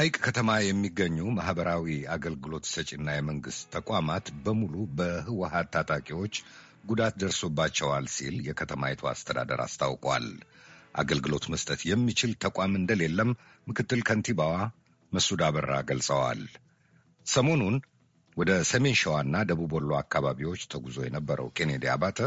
ሐይቅ ከተማ የሚገኙ ማኅበራዊ አገልግሎት ሰጪና የመንግሥት ተቋማት በሙሉ በህወሀት ታጣቂዎች ጉዳት ደርሶባቸዋል ሲል የከተማይቱ አስተዳደር አስታውቋል። አገልግሎት መስጠት የሚችል ተቋም እንደሌለም ምክትል ከንቲባዋ መሱድ አበራ ገልጸዋል። ሰሞኑን ወደ ሰሜን ሸዋና ደቡብ ወሎ አካባቢዎች ተጉዞ የነበረው ኬኔዲ አባተ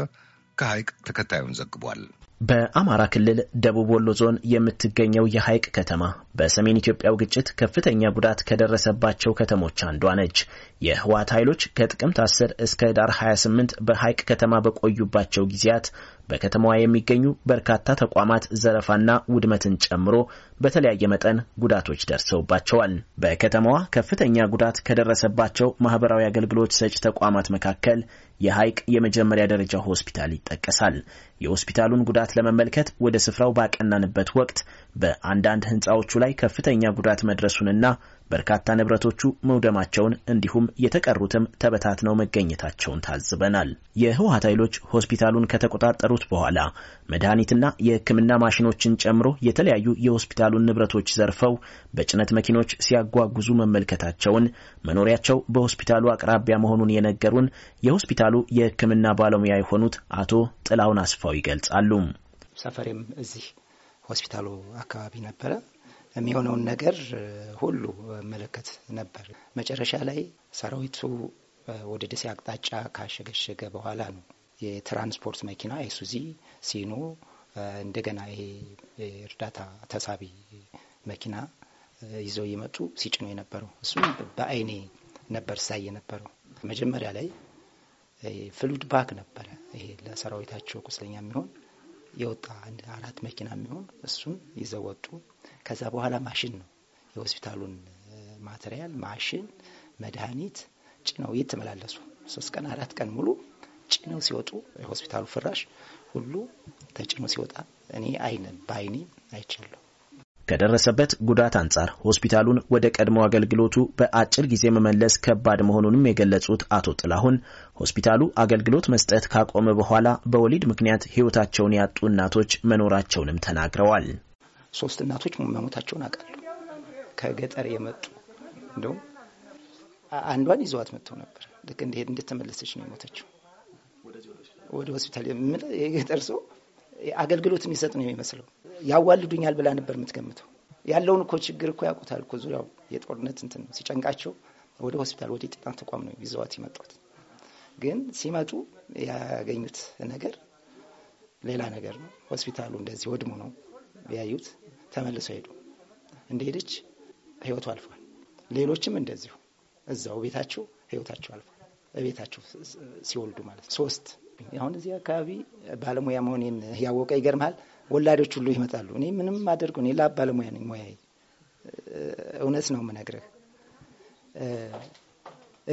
ከሐይቅ ተከታዩን ዘግቧል። በአማራ ክልል ደቡብ ወሎ ዞን የምትገኘው የሐይቅ ከተማ በሰሜን ኢትዮጵያው ግጭት ከፍተኛ ጉዳት ከደረሰባቸው ከተሞች አንዷ ነች። የህወሓት ኃይሎች ከጥቅምት 10 እስከ ህዳር 28 በሐይቅ ከተማ በቆዩባቸው ጊዜያት በከተማዋ የሚገኙ በርካታ ተቋማት ዘረፋና ውድመትን ጨምሮ በተለያየ መጠን ጉዳቶች ደርሰውባቸዋል። በከተማዋ ከፍተኛ ጉዳት ከደረሰባቸው ማህበራዊ አገልግሎት ሰጭ ተቋማት መካከል የሐይቅ የመጀመሪያ ደረጃ ሆስፒታል ይጠቀሳል። የሆስፒታሉን ጉዳት ጉዳት ለመመልከት ወደ ስፍራው ባቀናንበት ወቅት በአንዳንድ ህንፃዎቹ ላይ ከፍተኛ ጉዳት መድረሱንና በርካታ ንብረቶቹ መውደማቸውን እንዲሁም የተቀሩትም ተበታትነው መገኘታቸውን ታዝበናል። የህወሀት ኃይሎች ሆስፒታሉን ከተቆጣጠሩት በኋላ መድኃኒትና የህክምና ማሽኖችን ጨምሮ የተለያዩ የሆስፒታሉን ንብረቶች ዘርፈው በጭነት መኪኖች ሲያጓጉዙ መመልከታቸውን መኖሪያቸው በሆስፒታሉ አቅራቢያ መሆኑን የነገሩን የሆስፒታሉ የህክምና ባለሙያ የሆኑት አቶ ጥላውን አስፋው ይገልጻሉ። ሰፈሬም እዚህ ሆስፒታሉ አካባቢ ነበረ። የሚሆነውን ነገር ሁሉ መለከት ነበር። መጨረሻ ላይ ሰራዊቱ ወደ ደሴ አቅጣጫ ካሸገሸገ በኋላ ነው የትራንስፖርት መኪና አይሱዚ ሲኖ፣ እንደገና ይሄ እርዳታ ተሳቢ መኪና ይዘው እየመጡ ሲጭኑ የነበረው እሱም በአይኔ ነበር ሳይ የነበረው። መጀመሪያ ላይ ፍሉድ ባክ ነበረ ይሄ ለሰራዊታቸው ቁስለኛ የሚሆን የወጣ አንድ አራት መኪና የሚሆን እሱን ይዘው ወጡ። ከዛ በኋላ ማሽን ነው የሆስፒታሉን ማቴሪያል ማሽን፣ መድኃኒት ጭነው እየተመላለሱ ሶስት ቀን አራት ቀን ሙሉ ጭነው ሲወጡ የሆስፒታሉ ፍራሽ ሁሉ ተጭኖ ሲወጣ እኔ አይነ በአይኔ አይቻለሁ። ከደረሰበት ጉዳት አንጻር ሆስፒታሉን ወደ ቀድሞ አገልግሎቱ በአጭር ጊዜ መመለስ ከባድ መሆኑንም የገለጹት አቶ ጥላሁን ሆስፒታሉ አገልግሎት መስጠት ካቆመ በኋላ በወሊድ ምክንያት ሕይወታቸውን ያጡ እናቶች መኖራቸውንም ተናግረዋል። ሶስት እናቶች መሞታቸውን አውቃለሁ። ከገጠር የመጡ እንደውም አንዷን ይዘዋት መጥተው ነበር። ልክ እንደሄድ እንደተመለሰች ነው የሞተችው ወደ ሆስፒታል። የገጠር ሰው አገልግሎት የሚሰጥ ነው የሚመስለው። ያዋልዱኛል ብላ ነበር የምትገምተው። ያለውን እኮ ችግር እኮ ያውቁታል እኮ ዙሪያው የጦርነት እንትን ነው። ሲጨንቃቸው ወደ ሆስፒታል ወደ ጤና ተቋም ነው ይዘዋት የመጡት። ግን ሲመጡ ያገኙት ነገር ሌላ ነገር ነው። ሆስፒታሉ እንደዚህ ወድሞ ነው ያዩት። ተመልሰው ሄዱ። እንደሄደች ህይወቱ አልፏል። ሌሎችም እንደዚሁ እዛው ቤታቸው ህይወታቸው አልፏል። ቤታቸው ሲወልዱ ማለት ሶስት አሁን እዚህ አካባቢ ባለሙያ መሆኔን እያወቀ ይገርምሃል፣ ወላዶች ሁሉ ይመጣሉ። እኔ ምንም አደርጉ እኔ ላብ ባለሙያ ነኝ። ሙያ እውነት ነው የምነግርህ።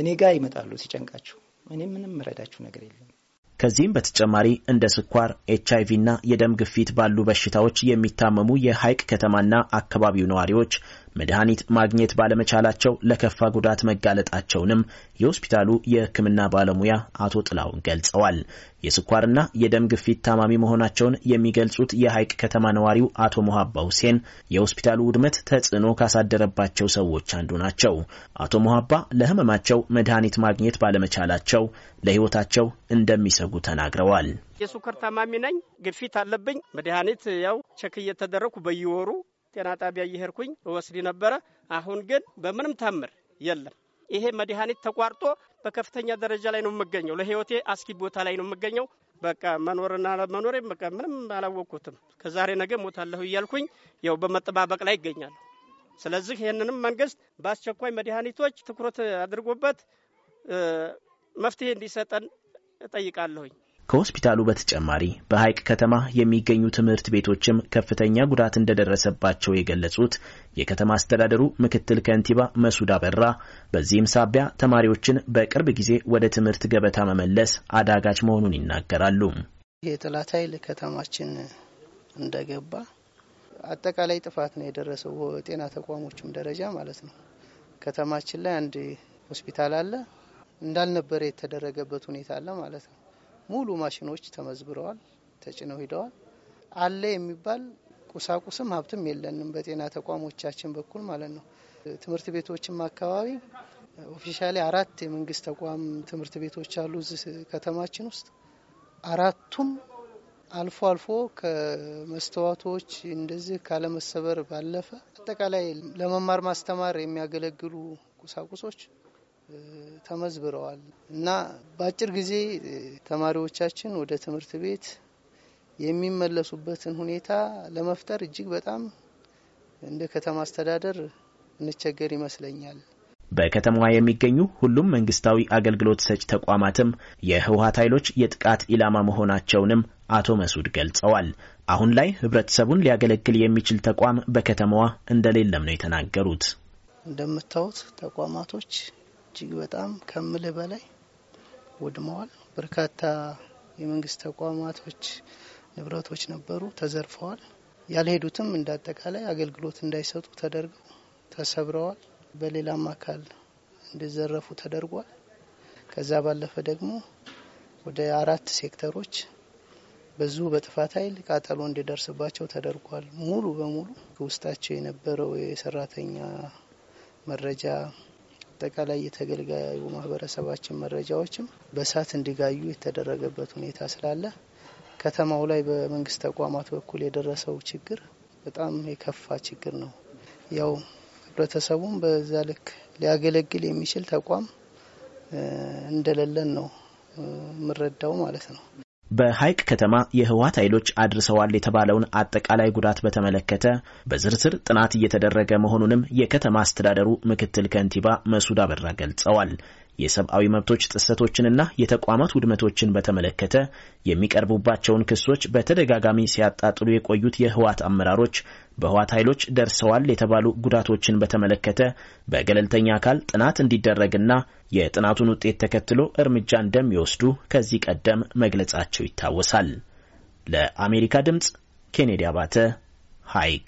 እኔ ጋር ይመጣሉ ሲጨንቃችሁ። እኔ ምንም ምረዳችሁ ነገር የለም። ከዚህም በተጨማሪ እንደ ስኳር፣ ኤች አይቪ እና የደም ግፊት ባሉ በሽታዎች የሚታመሙ የሐይቅ ከተማና አካባቢው ነዋሪዎች መድኃኒት ማግኘት ባለመቻላቸው ለከፋ ጉዳት መጋለጣቸውንም የሆስፒታሉ የሕክምና ባለሙያ አቶ ጥላሁን ገልጸዋል። የስኳርና የደም ግፊት ታማሚ መሆናቸውን የሚገልጹት የሐይቅ ከተማ ነዋሪው አቶ ሞሀባ ሁሴን የሆስፒታሉ ውድመት ተጽዕኖ ካሳደረባቸው ሰዎች አንዱ ናቸው። አቶ ሞሀባ ለህመማቸው መድኃኒት ማግኘት ባለመቻላቸው ለህይወታቸው እንደሚሰጉ ተናግረዋል። የስኳር ታማሚ ነኝ፣ ግፊት አለብኝ። መድኃኒት ያው ቸክ እየተደረግኩ በየወሩ ጤና ጣቢያ እየሄድኩኝ እወስድ ነበረ። አሁን ግን በምንም ታምር የለም። ይሄ መድኃኒት ተቋርጦ በከፍተኛ ደረጃ ላይ ነው የምገኘው። ለህይወቴ አስጊ ቦታ ላይ ነው የምገኘው። በቃ መኖርና መኖሬ በቃ ምንም አላወቅኩትም። ከዛሬ ነገ ሞታለሁ እያልኩኝ ያው በመጠባበቅ ላይ ይገኛል። ስለዚህ ይህንንም መንግስት በአስቸኳይ መድኃኒቶች ትኩረት አድርጎበት መፍትሄ እንዲሰጠን እጠይቃለሁኝ። ከሆስፒታሉ በተጨማሪ በሐይቅ ከተማ የሚገኙ ትምህርት ቤቶችም ከፍተኛ ጉዳት እንደደረሰባቸው የገለጹት የከተማ አስተዳደሩ ምክትል ከንቲባ መሱድ አበራ በዚህም ሳቢያ ተማሪዎችን በቅርብ ጊዜ ወደ ትምህርት ገበታ መመለስ አዳጋች መሆኑን ይናገራሉ። ይህ የጠላት ኃይል ከተማችን እንደገባ አጠቃላይ ጥፋት ነው የደረሰው። ጤና ተቋሞችም ደረጃ ማለት ነው። ከተማችን ላይ አንድ ሆስፒታል አለ እንዳልነበረ የተደረገበት ሁኔታ አለ ማለት ነው። ሙሉ ማሽኖች ተመዝብረዋል፣ ተጭነው ሂደዋል። አለ የሚባል ቁሳቁስም ሀብትም የለንም በጤና ተቋሞቻችን በኩል ማለት ነው። ትምህርት ቤቶችም አካባቢ ኦፊሻሊ አራት የመንግስት ተቋም ትምህርት ቤቶች አሉ እዚህ ከተማችን ውስጥ አራቱም አልፎ አልፎ ከመስተዋቶች እንደዚህ ካለመሰበር ባለፈ አጠቃላይ ለመማር ማስተማር የሚያገለግሉ ቁሳቁሶች ተመዝብረዋል እና በአጭር ጊዜ ተማሪዎቻችን ወደ ትምህርት ቤት የሚመለሱበትን ሁኔታ ለመፍጠር እጅግ በጣም እንደ ከተማ አስተዳደር እንቸገር ይመስለኛል። በከተማዋ የሚገኙ ሁሉም መንግስታዊ አገልግሎት ሰጪ ተቋማትም የህወሀት ኃይሎች የጥቃት ኢላማ መሆናቸውንም አቶ መሱድ ገልጸዋል። አሁን ላይ ህብረተሰቡን ሊያገለግል የሚችል ተቋም በከተማዋ እንደሌለም ነው የተናገሩት። እንደምታዩት ተቋማቶች እጅግ በጣም ከምልህ በላይ ወድመዋል። በርካታ የመንግስት ተቋማቶች ንብረቶች ነበሩ፣ ተዘርፈዋል። ያልሄዱትም እንዳጠቃላይ አገልግሎት እንዳይሰጡ ተደርገው ተሰብረዋል። በሌላም አካል እንዲዘረፉ ተደርጓል። ከዛ ባለፈ ደግሞ ወደ አራት ሴክተሮች በዙ በጥፋት ኃይል ቃጠሎ እንዲደርስባቸው ተደርጓል። ሙሉ በሙሉ ውስጣቸው የነበረው የሰራተኛ መረጃ አጠቃላይ የተገልጋዩ ማህበረሰባችን መረጃዎችም በእሳት እንዲጋዩ የተደረገበት ሁኔታ ስላለ ከተማው ላይ በመንግስት ተቋማት በኩል የደረሰው ችግር በጣም የከፋ ችግር ነው። ያው ህብረተሰቡም በዛ ልክ ሊያገለግል የሚችል ተቋም እንደሌለን ነው የምረዳው ማለት ነው። በሐይቅ ከተማ የህወሀት ኃይሎች አድርሰዋል የተባለውን አጠቃላይ ጉዳት በተመለከተ በዝርዝር ጥናት እየተደረገ መሆኑንም የከተማ አስተዳደሩ ምክትል ከንቲባ መሱድ አበራ ገልጸዋል። የሰብአዊ መብቶች ጥሰቶችንና የተቋማት ውድመቶችን በተመለከተ የሚቀርቡባቸውን ክሶች በተደጋጋሚ ሲያጣጥሉ የቆዩት የህወሓት አመራሮች በህወሓት ኃይሎች ደርሰዋል የተባሉ ጉዳቶችን በተመለከተ በገለልተኛ አካል ጥናት እንዲደረግና የጥናቱን ውጤት ተከትሎ እርምጃ እንደሚወስዱ ከዚህ ቀደም መግለጻቸው ይታወሳል። ለአሜሪካ ድምፅ ኬኔዲ አባተ ሐይቅ